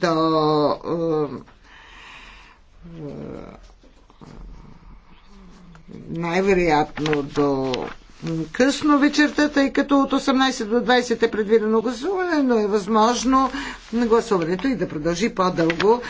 до е, най-вероятно до късно вечерта, тъй като от 18 до 20 е предвидено гласуване, но е възможно гласуването и да продължи по-дълго.